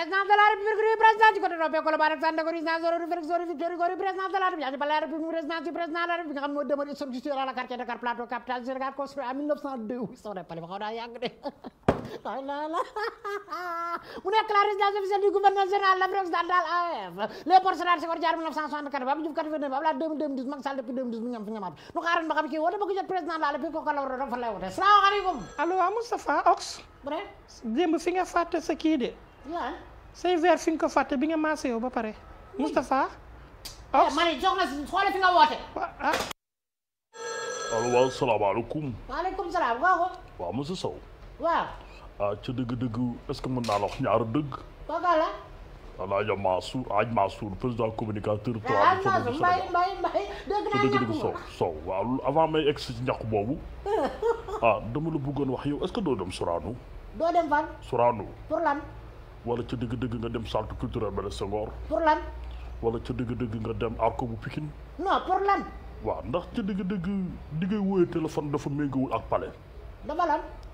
président de la république ri président ci côté no be ko la barak sande ko résidence zoro reflex zoro victoire ko président de la république ba la république résidence du président de la république nga xam moo demal structure à la quartier Dakar plateau capitale du Sénégal construit en 1902 so ne pale ba xaw daa yàgg de la la mu nekk la résidence officielle du gouverneur général de l'Afrique occidentale AF les porcelaines Senghor Diar 1964 Abdou Diouf 89 Abdoulaye 2010 Macky Sall depuis 2012 mu ñam fi ñamaat nu xaaran ba xam kii woote ba ko jot président de la république ko ko la war a fa lay wote salaamaaleykum allo Moustapha Ox démb fi nga fàtte sa kii de lan fi nga ko fàtte bi nga maase yow ba pare. Moustapha. oh ma ne jox la si xoolal fi nga woote. ah. allo waaw salaamaaleykum. waaleykum salaam Sow. waaw. Ah, ca dëgg-dëgg est-ce que mën naa la wax ñaar dëgg. kooka la. Alaaja Mansour Aj Mansour président communicateur. ah eh, Aj Mansour mbay mbay dëgg dëgg Sow Sow waaw avant may egg si boobu. Ah, dama la bëggoon wax yow est-ce que doo dem Sorano. doo dem fan. Sorano pour lan. wala ca dëgg-dëgg nga dem centre culturel Blaise Senghor. pour ca dëgg-dëgg nga dem arco bu Pikine. non ndax ca dëgg-dëgg di ngay wooyee téléphone dafa méngawul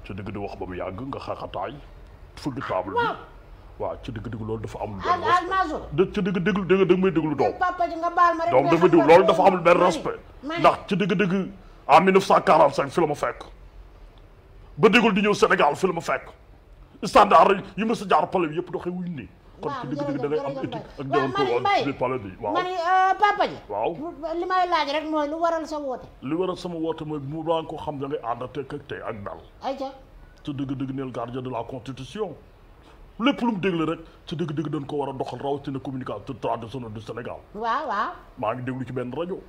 dëgg di wax ba mu yàgg nga xaaxataay fëgg table bi. waaw ci dëgg-dëgg loolu dafa am. benn respect ci dëgg-dëgg dégg nga may déglu doom. Eh, papa ji nga baal ma rek doom dafa déglu loolu dafa amul benn respect. ndax ca dëgg-dëgg en 1945 fi la ma fekk. ba déglu di ñëw Sénégal fi ma fekk. standard yi ma sa jaar bi yëpp doxee wuñ nii. kon ci dëgg-dëgg da ngay am éthique ak déontologie palais bi waaw man euh, papa ji waaw li may sa woote li waral sama woote mooy mu daan ko xam da ngay ànd ak ak tey ak dal ayca ci dëgg-dëgg neel gardien de la constitution lépp lu mu déglu rek ci dëgg-dëgg dan ko war a doxal rawatina communicateur traditionnel du Sénégal waaw waaw maa ngi déglu ci benn rajo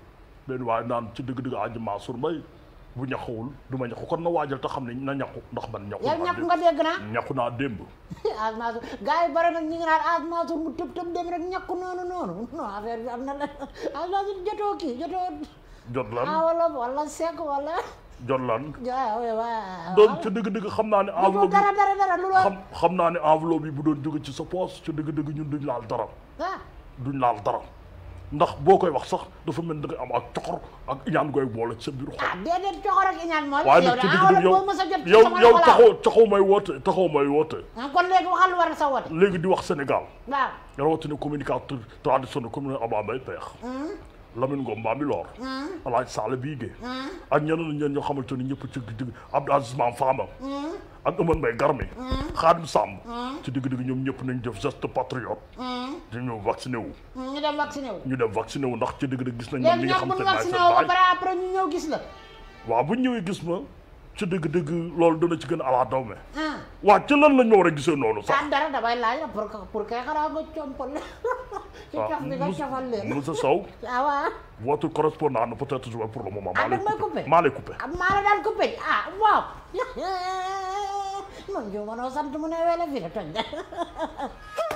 benn waaye naan ci dëgg-dëgg Aji Mansour Mbaye bu ñaxuwul du ma kon na waajal te xam ne na ñaxu ndax man ñaxu yow ñaxu nga dégg naa ñaxu naa démb asmaasur gars yi bari nag ñu ngi naan asmaasur mu tëb tëb la jot lan wala jot lan doon ca dëgg-dëgg xam naa ne enveloppe dara dara lu xam xam naa ne enveloppe yi bu doon jóge ci sa poos ci dëgg-dëgg ñu duñ laal dara ah. duñ laal dara ndax boo koy wax sax dafa mel da nga am ak coxor ak iñaan gooy boole ci sa a xol. ah déedéet ak iñaan mooy. waaye nag ci digg yow yow yow taxaw taxaw may woote taxaw may woote. Ah, kon a sa woote. léegi di wax Sénégal. waaw rawatina communicateur traditionnel comme Abba Mbaye Pekh. Hmm. Lamine Ngom Bambi Loor. Hmm. Alaaji Sall Biige. Hmm. ak ñeneen ñeneen ñoo xamante ni ñëpp ci digg Abdou Aziz Mame Fama. ak Omar Mbaye Garmi. Xaadim Samb. ci digg-digg ñoom ñëpp nañ def geste patriote. di ñu vacciné wu. ñu dem vacciné wu. ñu dem vacciné wu ndax ci digg-digg gis nañ. ñoom ñi nga xam te ne ay seen baay léegi ñoom bu ñu vacciné wu ba pare après ñu ñëw gis la. waaw bu ñu ñëwee gis ma. ci dëgg-dëgg loolu dana ci gën alaa daw me hmm. waaw ci lan lañ ma war a gisee noonu sax daan dara damay laaj la pour pour kay xanaa nga compal ci ah, cof bi nga cofal leen monsieur Sow ah waaw votre correspondant ne peut être jouer pour le moment maa ah, lay coupé maa lay coupé ah, maa la daan coupé ah waaw man jo mënoo sant mu ne wele fi la toj